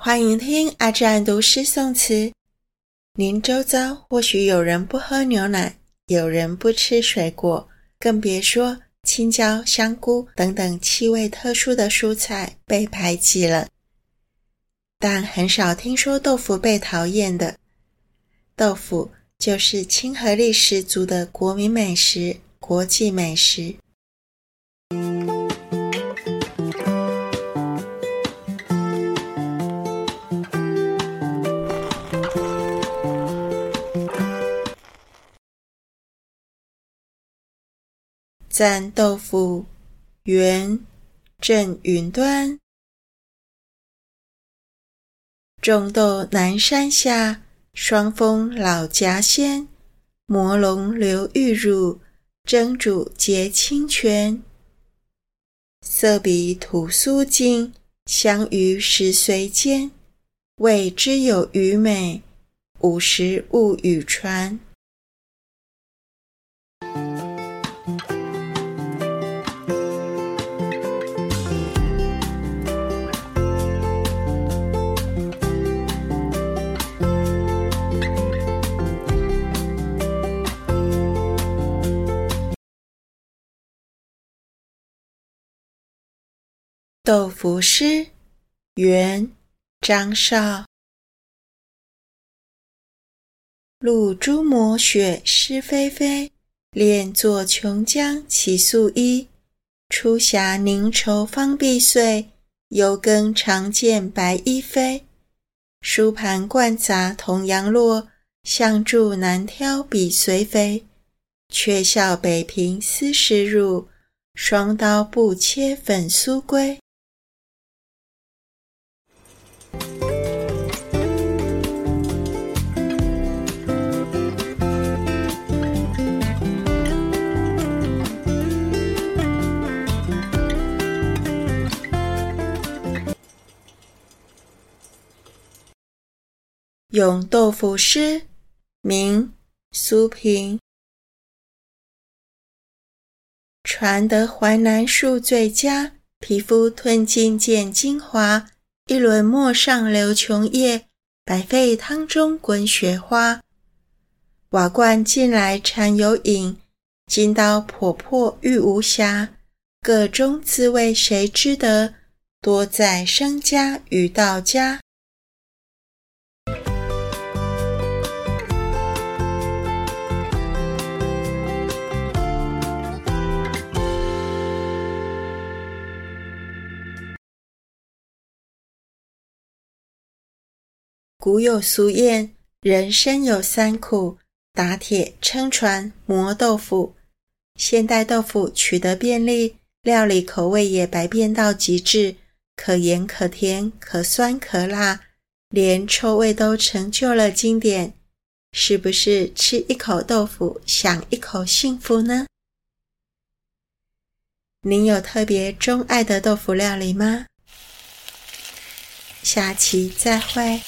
歡迎聽阿志安讀詩誦詞。您周遭或許有人不喝牛奶，有人不吃水果，更別說青椒、香菇等等氣味特殊的蔬菜被排擠了。但很少聽說豆腐被討厭的。豆腐就是親和力十足的國民美食、國際美食。贊豆腐，元鄭允端。種豆南山下，霜風老莢鮮。磨礱流玉乳，蒸煮結清泉。色比土酥淨，香逾石髓堅。味之有餘美，五食勿與傳。《豆腐詩》，元，張邵。漉珠磨雪濕霏霏，煉作瓊漿起素衣。出匣寧愁方壁碎，憂羹常見白衣飛。蔬盤慣雜同羊酪，象箸難挑比髓肥。卻笑北平思食乳，霜刀不切粉酥歸。詠豆腐詩，明，蘇平。傳得淮南術最佳，皮膚褪盡見精華。一輪磨上流瓊液，百沸湯中滾雪花。瓦罐浸來蟾有影，金刀剖破玉無瑕。個中滋味誰知得？多在僧家與道家。古有俗諺：“人生有三苦，打鐵、撐船、磨豆腐。”現代豆腐取得便利，料理口味也百變到極致，可鹽可甜，可酸可辣，連臭味都成就了經典。是不是吃一口豆腐，享一口幸福呢？您有特別鍾愛的豆腐料理嗎？下期再會。